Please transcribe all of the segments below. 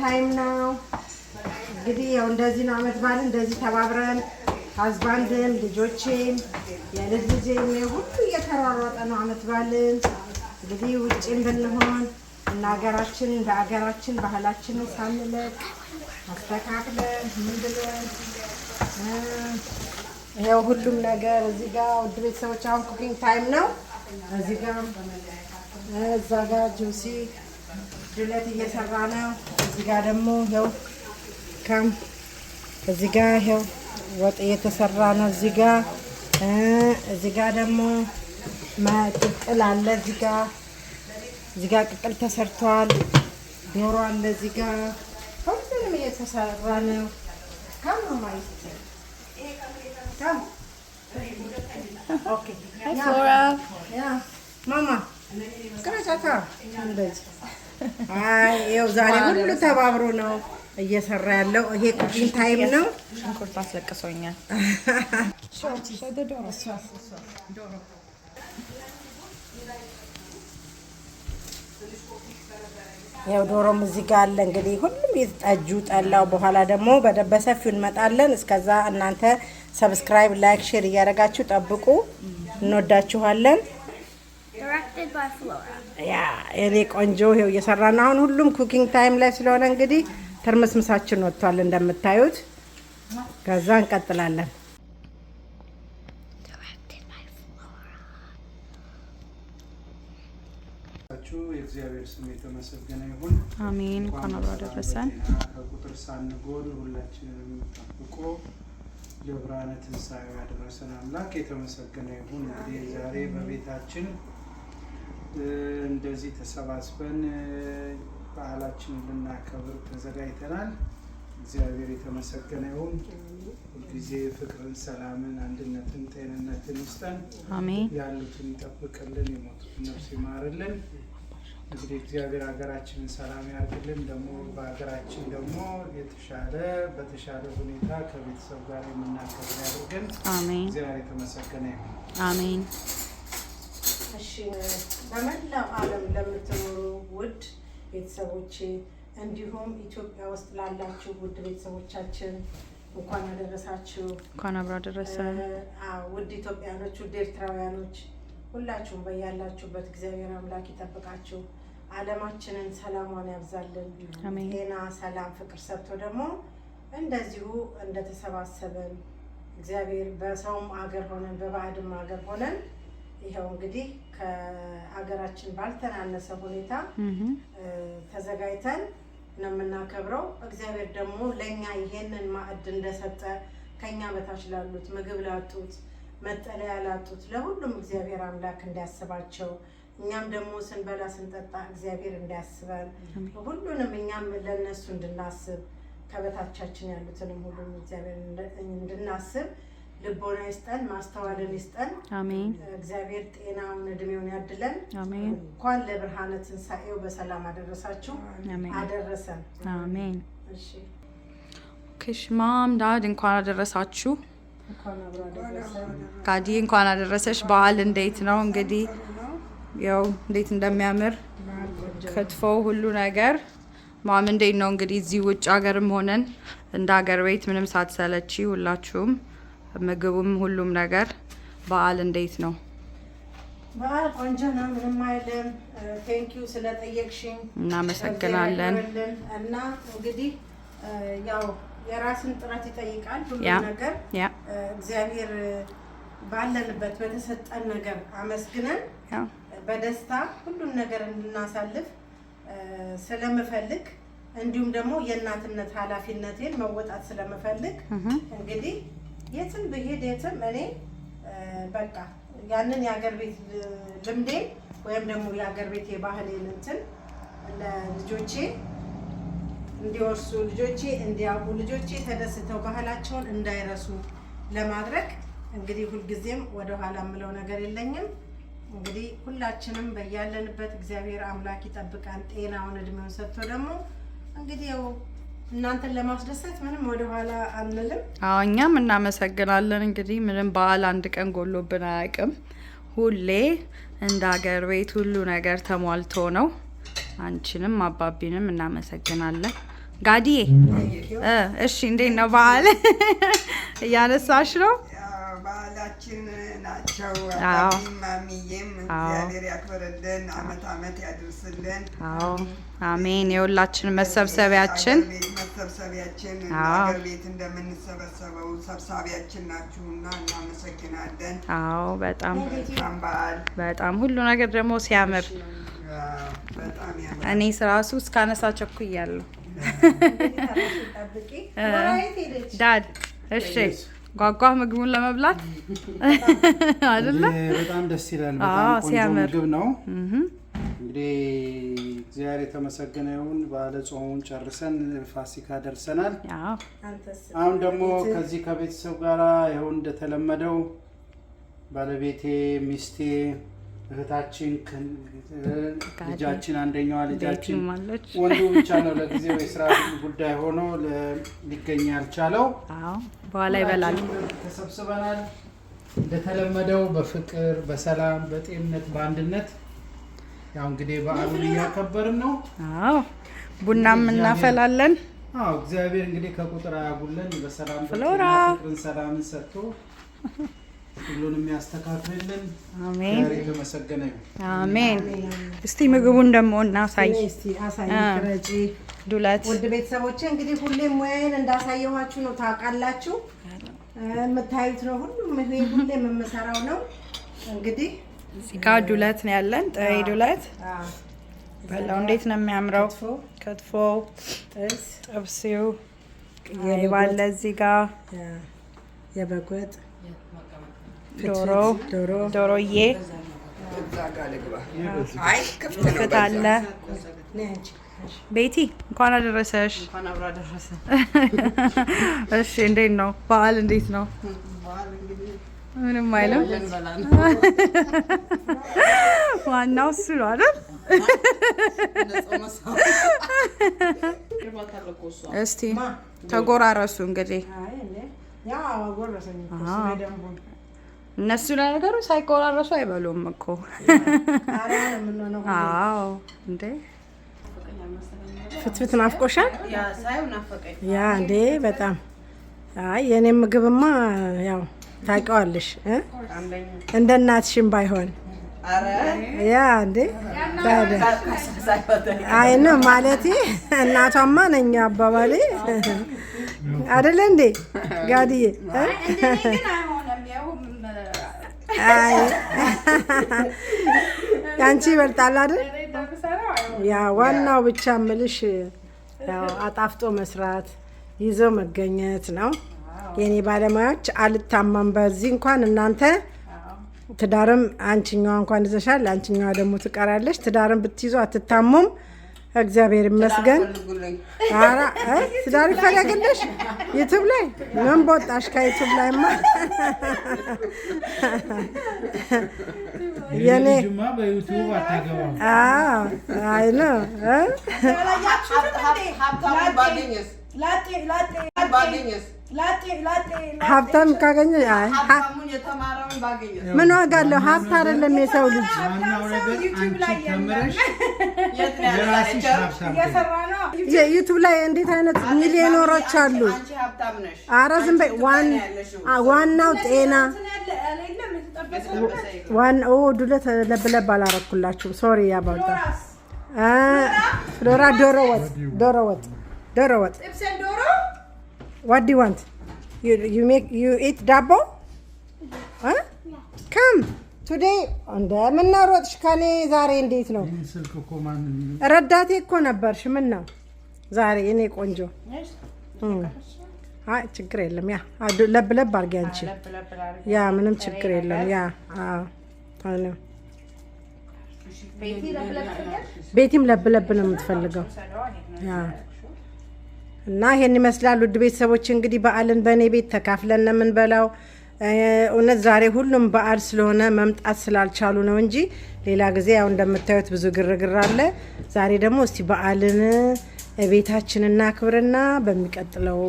ታይም ነው እንግዲህ ያው እንደዚህ ነው አመት በዓል እንደዚህ ተባብረን ሀዝባንድም ልጆቼም የልጅ ልጄም ሁሉ እየተሯሯጠ ነው አመት በዓልን እንግዲህ ውጭም ብንሆን እና ሀገራችን እንደ ሀገራችን ባህላችን ሳንለቅ አስተካክለን ምን ብለን ይኸው ሁሉም ነገር እዚህ ጋር ውድ ቤተሰቦች አሁን ኩኪንግ ታይም ነው። እዚህ ጋር እዛ ጋር ጆሲ ድለት እየሰራ ነው። እዚህ ጋር ደግሞ ይኸው ካም እዚህ ጋር ይኸው ወጥ እየተሰራ ነው። እዚህ ጋር እዚህ ጋር ደግሞ ቅቅል አለ። እዚህ ጋር እዚህ ጋር ቅቅል ተሰርቷል። ዶሮ አለ። እዚህ ጋር ሁሉንም እየተሰራ ነው። ካም ነው ማለት ካም ኦኬ ማማ ቅረጫታ እንደዚህ አይ ይኸው ዛሬ ሁሉ ተባብሮ ነው እየሰራ ያለው። ይሄ ኩኪን ታይም ነው። ሽንኩርት አስለቅሶኛል። ያው ዶሮም እዚህ ጋር አለ እንግዲህ ሁሉም የተጠጁ ጠላው። በኋላ ደግሞ በሰፊው እንመጣለን። እስከዛ እናንተ ሰብስክራይብ፣ ላይክ፣ ሼር እያደረጋችሁ ጠብቁ። እንወዳችኋለን። ያ እኔ ቆንጆ ይኸው እየሰራ ነው አሁን። ሁሉም ኩኪንግ ታይም ላይ ስለሆነ እንግዲህ ትርምስምሳችን ወጥቷል እንደምታዩት። ከዛ እንቀጥላለን። የእግዚአብሔር ስም የተመሰገነ ይሁን። አሜን። እንኳን አብሮ አደረሰን። ከቁጥር ሳንጎል ሁላችንንም ጠብቆ ለብርሃነ ትንሣኤው ያደረሰን አምላክ የተመሰገነ ይሁን። እንግዲህ ዛሬ በቤታችን እንደዚህ ተሰባስበን ባህላችንን ልናከብር ተዘጋጅተናል። እግዚአብሔር የተመሰገነ ይሁን። ጊዜ ፍቅርን፣ ሰላምን፣ አንድነትን፣ ጤንነትን ይስጠን። ያሉትን ይጠብቅልን፣ የሞቱትን ነፍስ ይማርልን። እንግዲህ እግዚአብሔር ሀገራችንን ሰላም ያርግልን። ደግሞ በሀገራችን ደግሞ የተሻለ በተሻለ ሁኔታ ከቤተሰብ ጋር የምናከብር ያድርገን። እግዚአብሔር የተመሰገነ ይሁን። አሜን። ሀገራችን በመላው ዓለም ለምትኖሩ ውድ ቤተሰቦቼ እንዲሁም ኢትዮጵያ ውስጥ ላላችሁ ውድ ቤተሰቦቻችን እንኳን አደረሳችሁ፣ እንኳን አብሮ አደረሰ። ውድ ኢትዮጵያኖች፣ ውድ ኤርትራውያኖች ሁላችሁም በያላችሁበት እግዚአብሔር አምላክ ይጠብቃችሁ፣ ዓለማችንን ሰላሟን ያብዛልን። ጤና፣ ሰላም፣ ፍቅር ሰጥቶ ደግሞ እንደዚሁ እንደተሰባሰበን እግዚአብሔር በሰውም አገር ሆነን በባዕድም አገር ሆነን ይኸው እንግዲህ ከሀገራችን ባልተናነሰ ሁኔታ ተዘጋጅተን ነው የምናከብረው። እግዚአብሔር ደግሞ ለእኛ ይሄንን ማዕድ እንደሰጠ ከኛ በታች ላሉት ምግብ ላጡት፣ መጠለያ ላጡት ለሁሉም እግዚአብሔር አምላክ እንዲያስባቸው እኛም ደግሞ ስንበላ ስንጠጣ እግዚአብሔር እንዲያስበን ሁሉንም እኛም ለእነሱ እንድናስብ ከበታቻችን ያሉትንም ሁሉም እግዚአብሔር እንድናስብ ልቦና ይስጠን፣ ማስተዋልን ይስጠን። አሜን። እግዚአብሔር ጤናውን እድሜውን ያድለን። አሜን። እንኳን ለብርሃነ ትንሣኤው በሰላም አደረሳችሁ አደረሰን። አሜን። እሺ ዳድ እንኳን አደረሳችሁ። ካዲ እንኳን አደረሰሽ። በዓል እንዴት ነው እንግዲህ ያው እንዴት እንደሚያምር ክትፎ ሁሉ ነገር ማም እንዴት ነው እንግዲህ እዚህ ውጭ ሀገርም ሆነን እንደ ሀገር ቤት ምንም ሳትሰለቺ ሁላችሁም ምግቡም ሁሉም ነገር በዓል እንዴት ነው? በዓል ቆንጆ ነው። ምንም አይልም። ቴንኪዩ ስለጠየቅሽኝ እናመሰግናለን። እና እንግዲህ ያው የራስን ጥረት ይጠይቃል ሁሉም ነገር። እግዚአብሔር ባለንበት በተሰጠን ነገር አመስግነን በደስታ ሁሉን ነገር እንድናሳልፍ ስለምፈልግ እንዲሁም ደግሞ የእናትነት ኃላፊነቴን መወጣት ስለምፈልግ እንግዲህ የትም ብሄድ የትም እኔ በቃ ያንን የሀገር ቤት ልምዴ ወይም ደግሞ የሀገር ቤት የባህሌን እንትን ለልጆቼ እንዲወርሱ ልጆቼ እንዲያውቁ ልጆቼ ተደስተው ባህላቸውን እንዳይረሱ ለማድረግ እንግዲህ ሁልጊዜም ወደኋላ የምለው ነገር የለኝም። እንግዲህ ሁላችንም በያለንበት እግዚአብሔር አምላክ ይጠብቃን፣ ጤናውን እድሜውን ሰጥቶ ደግሞ እንግዲህ እናንተን ለማስደሰት ምንም ወደኋላ አንልም። አዎ እኛም እናመሰግናለን። እንግዲህ ምንም በዓል አንድ ቀን ጎሎብን አያውቅም። ሁሌ እንደ ሀገር ቤት ሁሉ ነገር ተሟልቶ ነው። አንቺንም አባቢንም እናመሰግናለን። ጋዲዬ እሺ፣ እንዴት ነው በዓል እያነሳሽ ነው? ልጆቻችን ናቸው። ማሚዬም እግዚአብሔር ያክብርልን፣ አመት አመት ያድርስልን። አሜን። የሁላችን መሰብሰቢያችን መሰብሰቢያችን ሀገር ቤት እንደምንሰበሰበው ሰብሳቢያችን ናችሁና እናመሰግናለን። አዎ በጣም በጣም ሁሉ ነገር ደግሞ ሲያምር እኔ ስራሱ እስካነሳ ቸኩያለሁ ዳድ እሺ ጓጓ ምግቡን ለመብላት አይደለ? በጣም ደስ ይላል። በጣም ቆንጆ ምግብ ነው። እንግዲህ እግዚአብሔር የተመሰገነ ይሁን። ባለ ጾሙን ጨርሰን ፋሲካ ደርሰናል። አሁን ደግሞ ከዚህ ከቤተሰብ ጋር ይሁን እንደተለመደው ባለቤቴ ሚስቴ እህታችን ልጃችን አንደኛዋ ልጃችን ወንዱ ብቻ ነው ለጊዜው የስራ ጉዳይ ሆኖ ሊገኝ ያልቻለው። በኋላ ይበላል። ተሰብስበናል እንደተለመደው በፍቅር በሰላም በጤንነት በአንድነት። ያው እንግዲህ በዓሉን እያከበርን ነው። ቡናም እናፈላለን። እግዚአብሔር እንግዲህ ከቁጥር አያጉለን። በሰላም ፍቅርን ሰላምን ሰጥቶ ሁሉን የሚያስተካክልልን አሜን፣ የተመሰገነ አሜን። እስቲ ምግቡን ደግሞ እናሳይ። ዱለት ውድ እንግዲህ ሁሌም ሙያዬን እንዳሳየኋችሁ ነው፣ ታውቃላችሁ፣ የምታዩት ነው። ሁሉም ሁሌም የምሰራው ነው። እንግዲህ ዱለት ነው ያለን፣ ጥሬ ዱለት በላው። እንዴት ነው የሚያምረው! ክትፎ ጥብስ ባለ እዚህ ጋር የበግ ወጥ ዶሮ ዶሮዬ ክፍት አለ። ቤቲ እንኳን አደረሰሽ። እሺ፣ እንዴት ነው በዓል? እንዴት ነው? ምንም አይልም። ዋናው እሱ ነው አይደል? እስቲ ተጎራረሱ እንግዲህ እነሱ ለነገሩ ሳይቆራረሱ አይበሉም እኮ። አዎ እንዴ ፍትፍት ናፍቆሻል? ያ እንዴ በጣም አይ የእኔ ምግብማ ያው ታውቂዋለሽ እንደ እናትሽም ባይሆን ያ እንዴ አይ ነው ማለቴ እናቷማ ነኝ አባባሌ አይደለ እንዴ ጋድዬ ያንቺ ይበልጣል አይደል? ያ ዋናው ብቻ ምልሽ ያው አጣፍጦ መስራት ይዞ መገኘት ነው። የኔ ባለሙያዎች አልታማም በዚህ እንኳን እናንተ ትዳርም አንቺኛዋ እንኳን ይዘሻል፣ አንቺኛዋ ደግሞ ትቀራለች። ትዳርም ብትይዙ አትታሙም። እግዚአብሔር ይመስገን። ትዳር ይፈለግልሽ። ዩቱብ ላይ ምን በወጣሽ? ከዩቱብ ላይማ የኔ አይ ነው ሀብታም ካገኘ ምን ዋጋ አለው? ሀብት አይደለም የሰው ልጅ ዩቱብ ላይ እንዴት አይነት ሚሊዮነሮች አሉ። ኧረ ዝም በይ። ዋናው ጤና ዱለት ለብለብ አላረኩላችሁም። ሶሪ ያባልጣ ፍሎራ ዶሮ ወጥ ዶሮ ወጥ ዶሮ ወጥ What do you want? You you make you eat ዳቦ? Huh? Come today እንደምናሮጥሽ ከኔ ዛሬ እንዴት ነው? ረዳቴ እኮ ነበርሽ። ምን ነው ዛሬ እኔ ቆንጆ አይ ችግር የለም። ያ ለብ ለብ አድርጊ አንቺ። ያ ምንም ችግር የለም። ያ አዎ ቤቲም ለብ ለብ ነው የምትፈልገው። ያ እና ይሄን ይመስላል ውድ ቤተሰቦች እንግዲህ በዓልን በእኔ ቤት ተካፍለን ነው የምንበላው። እውነት ዛሬ ሁሉም በዓል ስለሆነ መምጣት ስላልቻሉ ነው እንጂ ሌላ ጊዜ ያው እንደምታዩት ብዙ ግርግር አለ። ዛሬ ደግሞ እስቲ በዓልን ቤታችን እናክብርና በሚቀጥለው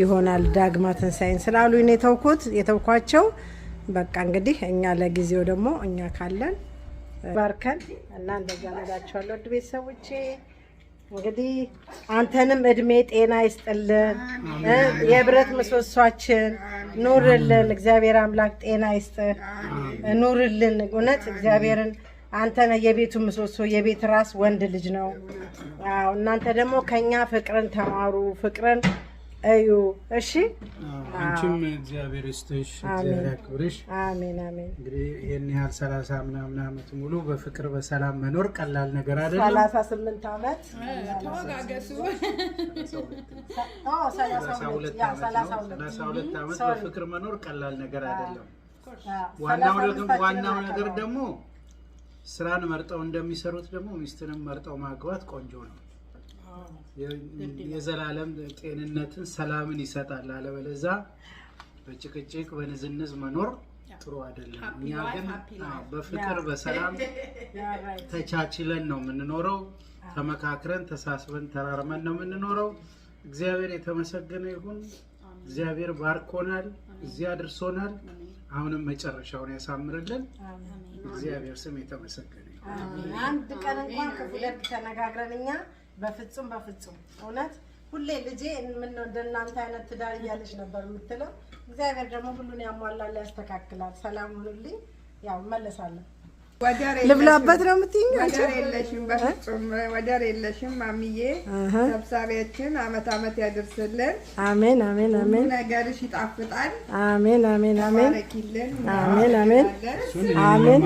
ይሆናል ዳግማ ትንሳኤን ስላሉ የተውኩት የተውኳቸው በቃ እንግዲህ እኛ ለጊዜው ደግሞ እኛ ካለን ባርከን እና እንደዛ ነዳቸዋለሁ ውድ ቤተሰቦቼ እንግዲህ አንተንም እድሜ ጤና ይስጥልን። የህብረት ምሰሷችን ኑርልን። እግዚአብሔር አምላክ ጤና ይስጥ ኑርልን። እውነት እግዚአብሔርን አንተነ የቤቱ ምሰሶ የቤት ራስ ወንድ ልጅ ነው። እናንተ ደግሞ ከኛ ፍቅርን ተማሩ። ፍቅርን እዩ። እሺ አንቺም እግዚአብሔር ይስጥሽ፣ እግዚአብሔር ያክብርሽ። አሜን አሜን። እንግዲህ ይህን ያህል ሰላሳ ምናምን ዓመት ሙሉ በፍቅር በሰላም መኖር ቀላል ነገር አይደለም። ሰላሳ ስምንት ዓመት ተወጋገሱ፣ ሰላሳ ሁለት ዓመት በፍቅር መኖር ቀላል ነገር አይደለም። ዋናው ነገር ደግሞ ስራን መርጠው እንደሚሰሩት ደግሞ ሚስትንም መርጠው ማግባት ቆንጆ ነው። የዘላለም ጤንነትን፣ ሰላምን ይሰጣል። አለበለዛ በጭቅጭቅ በንዝንዝ መኖር ጥሩ አይደለም። እኛ ግን በፍቅር በሰላም ተቻችለን ነው የምንኖረው። ተመካክረን ተሳስበን ተራርመን ነው የምንኖረው። እግዚአብሔር የተመሰገነ ይሁን። እግዚአብሔር ባርኮናል፣ እዚያ አድርሶናል። አሁንም መጨረሻውን ያሳምርልን። እግዚአብሔር ስም የተመሰገነ ይሁን። አንድ ቀን እንኳን ክፉ ደግ ተነጋግረን እኛ በፍጹም በፍጹም እውነት ሁሌ ልጄ ምነው እንደ እናንተ አይነት ትዳር እያለች ነበር የምትለው። እግዚአብሔር ደግሞ ሁሉን ያሟላል፣ ያስተካክላል። ሰላም ሁኑልኝ። ያው እመለሳለሁ። ልብላበት ነው የምትይኝ? ወደር የለሽም፣ በፍጹም ወደር የለሽም ማሚዬ። ሰብሳቢያችን አመት አመት ያደርስልን። አሜን አሜን አሜን። ነገርሽ ይጣፍጣል። አሜን አሜን አሜን። ተባረኪልን። አሜን አሜን አሜን።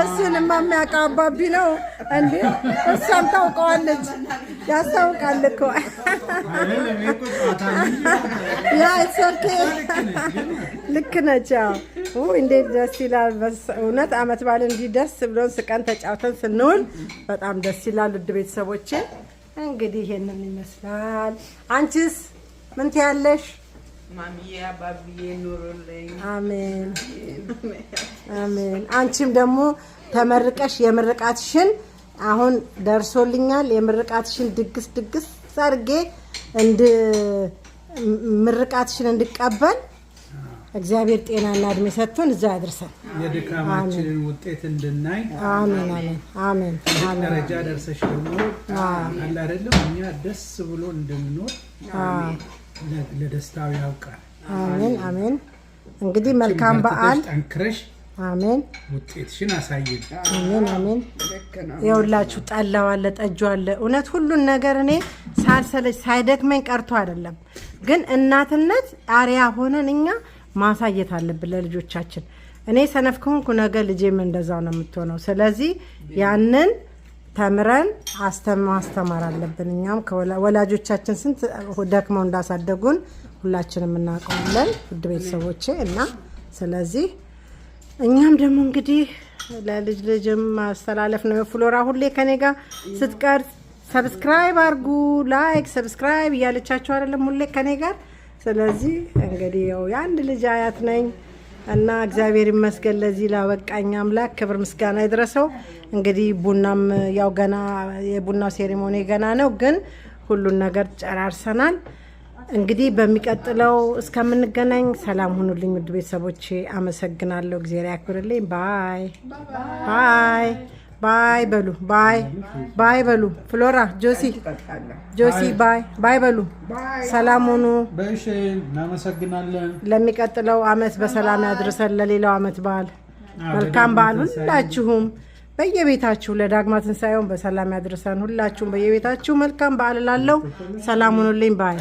እሱንማ የሚያውቀው አባቢ ነው እንዴ? እሷም ታውቀዋለች፣ ያስታውቃል እኮ ያ ልክ ነች። እንዴት ደስ ይላል እውነት። አመት በዓል እንዲህ ደስ ብሎን ስቀን ተጫውተን ስንውል በጣም ደስ ይላል። ውድ ቤተሰቦቼ እንግዲህ ይሄንን ይመስላል። አንቺስ ምን ትያለሽ? አሜን አሜን። አንቺም ደግሞ ተመርቀሽ የምርቃትሽን አሁን ደርሶልኛል። የምርቃትሽን ድግስ ድግስ አድርጌ እንድ ምርቃትሽን እንድቀበል እግዚአብሔር ጤናና እድሜ ሰጥቶን እዛ ያድርሰን። የድካማችንን ውጤት እንድናይ አሜን ደረጃ ደርሰሽ ደግሞ አለ አይደለም እኛ ደስ ብሎ እንድንኖር ለደስታው ያውቃል። አሜን አሜን። እንግዲህ መልካም በዓል ጠንክረሽ አሜን። ውጤትሽን አሳየን። አሜን አሜን። የሁላችሁ ጠላው አለ ጠጁ አለ። እውነት ሁሉን ነገር እኔ ሳልሰለች ሳይደክመኝ ቀርቶ አይደለም፣ ግን እናትነት አሪያ ሆነን እኛ ማሳየት አለብን ለልጆቻችን። እኔ ሰነፍ ከሆንኩ ነገ ልጄም እንደዛው ነው የምትሆነው። ስለዚህ ያንን ተምረን ማስተማር አለብን። እኛም ወላጆቻችን ስንት ደክመው እንዳሳደጉን ሁላችንም እናውቀዋለን፣ ውድ ቤተሰቦቼ እና ስለዚህ እኛም ደግሞ እንግዲህ ለልጅ ልጅም ማስተላለፍ ነው። የፍሎራ ሁሌ ከኔ ጋር ስትቀር ሰብስክራይብ አርጉ፣ ላይክ ሰብስክራይብ እያለቻቸው አይደለም ሁሌ ከኔ ጋር። ስለዚህ እንግዲህ ያው የአንድ ልጅ አያት ነኝ። እና እግዚአብሔር ይመስገን ለዚህ ላበቃኝ አምላክ ክብር ምስጋና ይድረሰው። እንግዲህ ቡናም ያው ገና የቡናው ሴሬሞኒ ገና ነው፣ ግን ሁሉን ነገር ጨራርሰናል። እንግዲህ በሚቀጥለው እስከምንገናኝ ሰላም ሁኑልኝ ውድ ቤተሰቦቼ። አመሰግናለሁ። እግዚአብሔር ያክብርልኝ። ባይ ባይ። ባይ በሉ ባይ ባይ በሉ። ፍሎራ ጆሲ ጆሲ ባይ ባይ በሉ። ሰላም ሁኑ። በእሺ እናመሰግናለን። ለሚቀጥለው አመት በሰላም ያድርሰን። ለሌላው አመት በዓል መልካም በዓል ሁላችሁም በየቤታችሁ ለዳግማ ትንሣኤውን በሰላም ያድርሰን። ሁላችሁም በየቤታችሁ መልካም በዓል ላለው ሰላም ሁኑልኝ ባይ